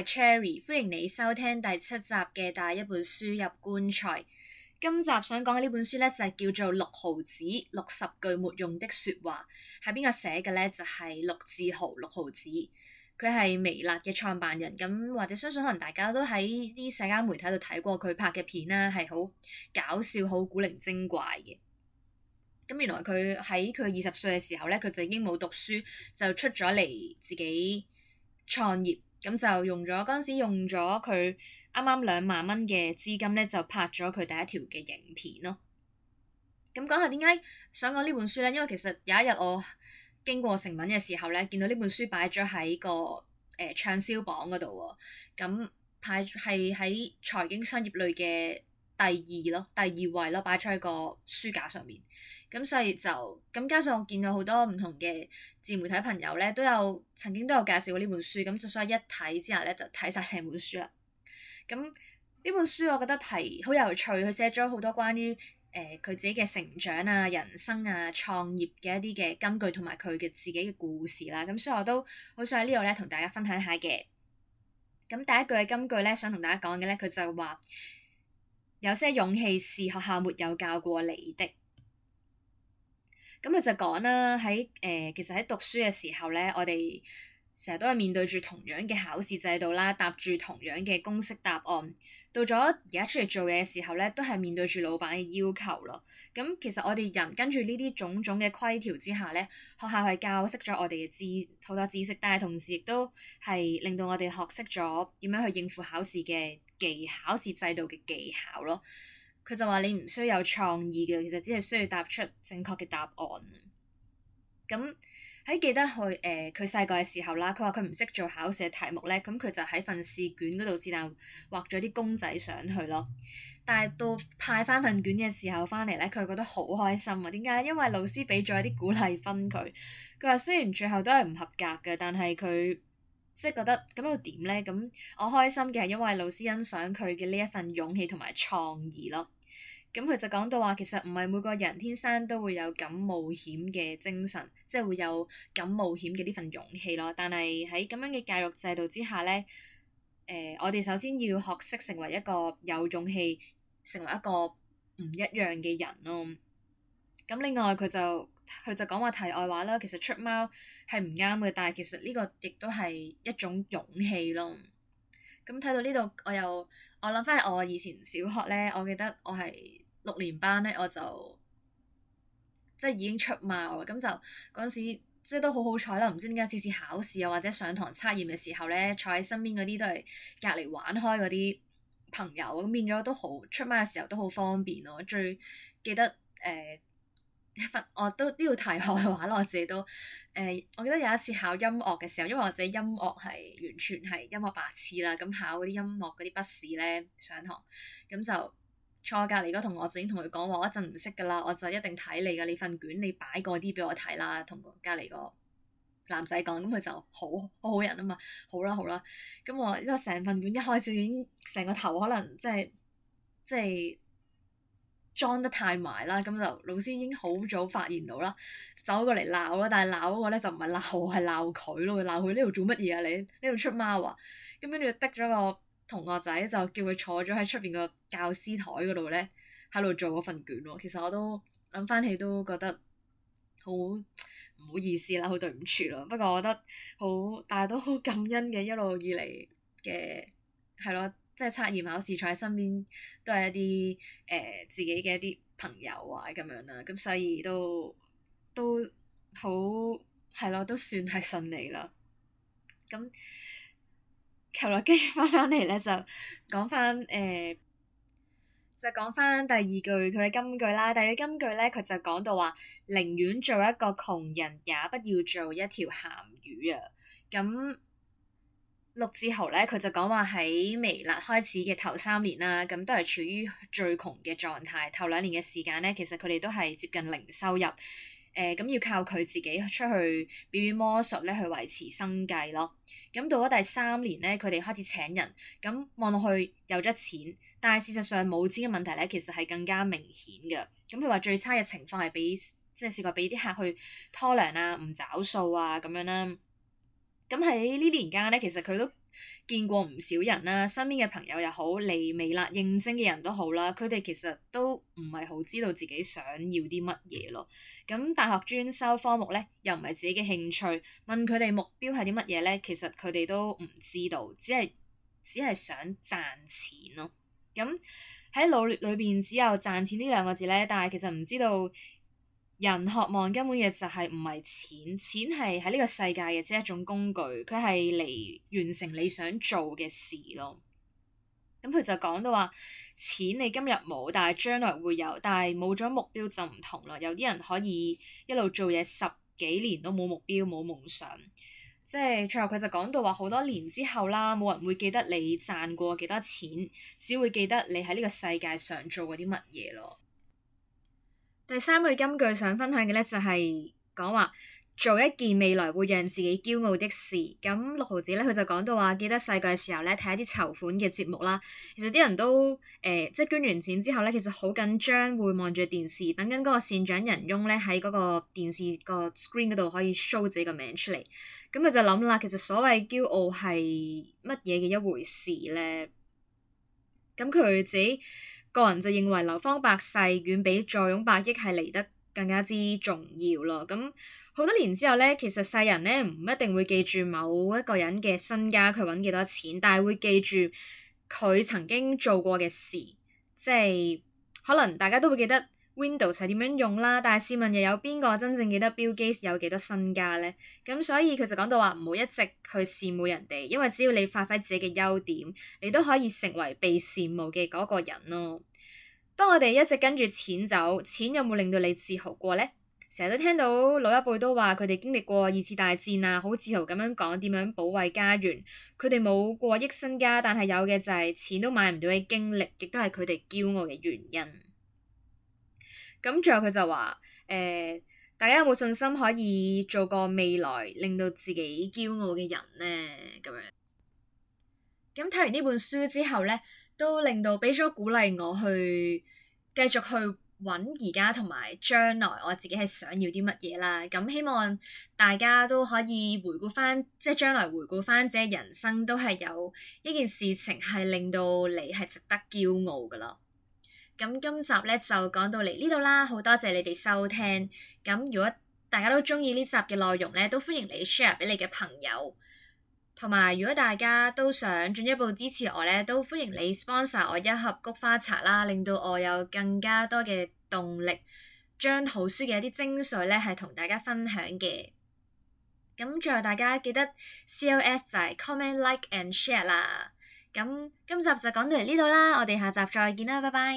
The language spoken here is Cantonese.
我係 Cherry，歡迎你收聽第七集嘅《帶一本書入棺材》。今集想講嘅呢本書呢，就係叫做《六毫子六十句沒用的說話》，係邊個寫嘅呢？就係陸志豪六毫子，佢係微辣嘅創辦人。咁或者相信可能大家都喺啲社交媒體度睇過佢拍嘅片啦，係好搞笑，好古靈精怪嘅。咁原來佢喺佢二十歲嘅時候呢，佢就已經冇讀書就出咗嚟自己創業。咁就用咗嗰陣時用咗佢啱啱兩萬蚊嘅資金咧，就拍咗佢第一條嘅影片咯。咁講下點解想講呢本書咧？因為其實有一日我經過誠品嘅時候咧，見到呢本書擺咗喺個誒暢銷榜嗰度喎。咁排係喺財經商業類嘅，第二咯，第二位咯，擺出喺個書架上面。咁所以就咁，加上我見到好多唔同嘅自媒體朋友咧，都有曾經都有介紹過呢本書。咁就所以一睇之後咧，就睇晒成本書啦。咁呢本書我覺得係好有趣，佢寫咗好多關於誒佢自己嘅成長啊、人生啊、創業嘅一啲嘅金句，同埋佢嘅自己嘅故事啦。咁所以我都好想喺呢度咧同大家分享下嘅。咁第一句嘅金句咧，想同大家講嘅咧，佢就話，有些勇氣是學校沒有教過你的。咁佢就講啦，喺誒、呃、其實喺讀書嘅時候咧，我哋成日都係面對住同樣嘅考試制度啦，答住同樣嘅公式答案。到咗而家出嚟做嘢嘅時候咧，都係面對住老闆嘅要求咯。咁其實我哋人跟住呢啲種種嘅規條之下咧，學校係教識咗我哋嘅知好多知識，但係同時亦都係令到我哋學識咗點樣去應付考試嘅。技考試制度嘅技巧咯，佢就話你唔需要有創意嘅，其實只係需要答出正確嘅答案。咁喺記得佢誒佢細個嘅時候啦，佢話佢唔識做考試嘅題目咧，咁佢就喺份試卷嗰度是但畫咗啲公仔上去咯。但係到派翻份卷嘅時候翻嚟咧，佢覺得好開心啊！點解？因為老師俾咗一啲鼓勵分佢。佢話雖然最後都係唔合格嘅，但係佢。即係覺得咁又點咧？咁我開心嘅係因為老師欣賞佢嘅呢一份勇氣同埋創意咯。咁佢就講到話，其實唔係每個人天生都會有咁冒險嘅精神，即係會有咁冒險嘅呢份勇氣咯。但係喺咁樣嘅教育制度之下咧，誒，我哋首先要學識成為一個有勇氣，成為一個唔一樣嘅人咯。咁另外佢就～佢就講話題外話啦，其實出貓係唔啱嘅，但係其實呢個亦都係一種勇氣咯。咁睇到呢度，我又我諗翻起我以前小學呢，我記得我係六年班呢，我就即係已經出貓啦。咁就嗰陣時即係都好好彩啦，唔知點解次次考試啊或者上堂測驗嘅時候呢，坐喺身邊嗰啲都係隔離玩開嗰啲朋友。變咗都好，出貓嘅時候都好方便咯，啊。最記得誒。呃我都都要題外話啦，我自己都，誒、呃，我記得有一次考音樂嘅時候，因為我自己音樂係完全係音樂白痴啦，咁、嗯、考嗰啲音樂嗰啲筆試咧，上堂咁就坐隔離嗰同學自己同佢講話，我一陣唔識噶啦，我就一定睇你嘅，你份卷你擺過啲俾我睇啦，同隔離個男仔講，咁、嗯、佢就好好好人啊嘛，好啦好啦，咁、嗯、我因為成份卷一開始已經成個頭可能即係即係。裝得太埋啦，咁就老師已經好早發現到啦，走過嚟鬧啦。但係鬧嗰個咧就唔係鬧我，係鬧佢咯。鬧佢呢度做乜嘢啊？你呢度出貓啊？咁跟住滴咗個同學仔，就叫佢坐咗喺出邊個教師台嗰度咧，喺度做嗰份卷喎。其實我都諗返起都覺得好唔好意思啦，好對唔住咯。不過我覺得好，大家都好感恩嘅一路以嚟嘅係咯。即係察言啓坐喺身邊都係一啲誒、呃、自己嘅一啲朋友啊咁樣啦，咁所以都都好係咯，都算係順利啦。咁求啦，基翻翻嚟咧就講翻誒，就講翻、呃、第二句佢嘅金句啦。第二句金句咧，佢就講到話寧願做一個窮人，也不要做一條鹹魚啊。咁陸志豪咧，佢就講話喺微辣開始嘅頭三年啦，咁都係處於最窮嘅狀態。頭兩年嘅時間咧，其實佢哋都係接近零收入，誒、呃，咁要靠佢自己出去表演魔術咧去維持生計咯。咁到咗第三年咧，佢哋開始請人，咁望落去有咗錢，但係事實上冇錢嘅問題咧，其實係更加明顯嘅。咁佢話最差嘅情況係俾即係試過俾啲客去拖糧啊、唔找數啊咁樣啦。咁喺呢年間咧，其實佢都見過唔少人啦，身邊嘅朋友又好，嚟微辣應徵嘅人都好啦。佢哋其實都唔係好知道自己想要啲乜嘢咯。咁大學專修科目咧，又唔係自己嘅興趣。問佢哋目標係啲乜嘢咧，其實佢哋都唔知道，只係只係想賺錢咯。咁喺腦裏邊只有賺錢呢兩個字咧，但係其實唔知道。人渴望根本嘢就係唔係錢，錢係喺呢個世界嘅即係一種工具，佢係嚟完成你想做嘅事咯。咁佢就講到話，錢你今日冇，但係將來會有，但係冇咗目標就唔同啦。有啲人可以一路做嘢十幾年都冇目標冇夢想，即係最後佢就講到話，好多年之後啦，冇人會記得你賺過幾多錢，只會記得你喺呢個世界上做過啲乜嘢咯。第三句金句想分享嘅呢，就係講話做一件未來會讓自己驕傲的事。咁六毫子呢，佢就講到話，記得細個嘅時候呢，睇一啲籌款嘅節目啦。其實啲人都誒、呃，即係捐完錢之後呢，其實好緊張，會望住電視，等緊嗰個善長仁翁呢，喺嗰個電視個 screen 嗰度可以 show 自己嘅名出嚟。咁佢就諗啦，其實所謂驕傲係乜嘢嘅一回事呢？咁佢自己。個人就認為流芳百世遠比坐擁百億係嚟得更加之重要咯。咁好多年之後咧，其實世人咧，唔一定會記住某一個人嘅身家，佢揾幾多錢，但係會記住佢曾經做過嘅事。即係可能大家都會記得。Windows 係點樣用啦？但係試問又有邊個真正記得 Bill Gates 有幾多身家呢？咁所以佢就講到話唔好一直去羨慕人哋，因為只要你發揮自己嘅優點，你都可以成為被羨慕嘅嗰個人咯。當我哋一直跟住錢走，錢有冇令到你自豪過呢？成日都聽到老一輩都話佢哋經歷過二次大戰啊，好自豪咁樣講點樣保衞家園。佢哋冇過億身家，但係有嘅就係錢都買唔到嘅經歷，亦都係佢哋驕傲嘅原因。咁最後佢就話：誒、呃，大家有冇信心可以做個未來令到自己驕傲嘅人呢？咁樣。咁睇完呢本書之後咧，都令到俾咗鼓勵我去繼續去揾而家同埋將來我自己係想要啲乜嘢啦。咁希望大家都可以回顧翻，即係將來回顧翻自己人生都係有一件事情係令到你係值得驕傲噶咯。咁今集咧就講到嚟呢度啦，好多謝你哋收聽。咁如果大家都中意呢集嘅內容咧，都歡迎你 share 俾你嘅朋友。同埋，如果大家都想進一步支持我咧，都歡迎你 sponsor 我一盒菊花茶啦，令到我有更加多嘅動力，將好書嘅一啲精髓咧係同大家分享嘅。咁最後大家記得 CLS 就係 comment、like and share 啦。咁今集就講到嚟呢度啦，我哋下集再見啦，拜拜。